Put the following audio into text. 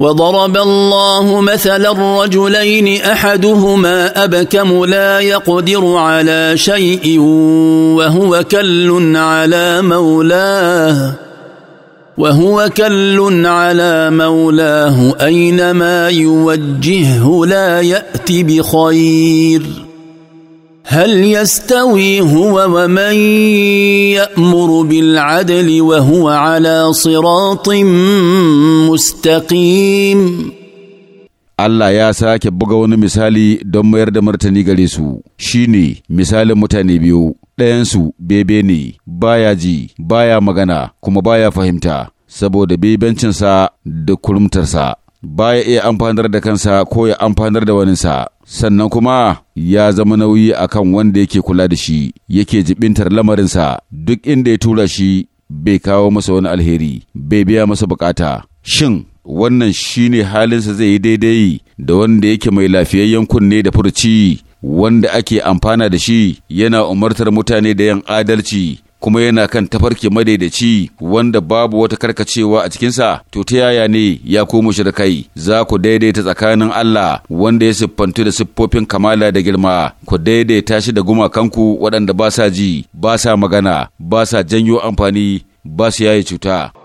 وضرب الله مثلا رجلين احدهما ابكم لا يقدر على شيء وهو كل على مولاه وهو كل على مولاه اينما يوجهه لا يات بخير هل يستوي هو ومن يامر بالعدل وهو على صراط مستقيم Allah ya sake buga wani misali don mayar da martani gare su, shi ne misalin mutane biyu, ɗayansu bebe ne, baya ji, baya magana, kuma baya fahimta, saboda bebencinsa da kurumtarsa, baya iya amfanar da kansa ko ya amfanar da waninsa. sannan kuma ya zama nauyi a kan wanda yake kula da shi yake jibintar lamarinsa duk inda ya tura shi bai kawo masa wani alheri bai biya masa bukata shin wannan shine halinsa zai yi daidai da wanda yake mai lafiyayyen kunne da furci wanda ake amfana da shi yana umartar mutane da yan adalci kuma yana kan tafarki madaidaici wanda babu wata karkacewa a cikinsa to ta yaya ne ya komo kai za ku daidaita tsakanin Allah wanda ya siffantu da siffofin kamala da girma ku daidaita shi da gumakanku waɗanda ba sa ji ba sa magana ba sa janyo amfani ba su yaye cuta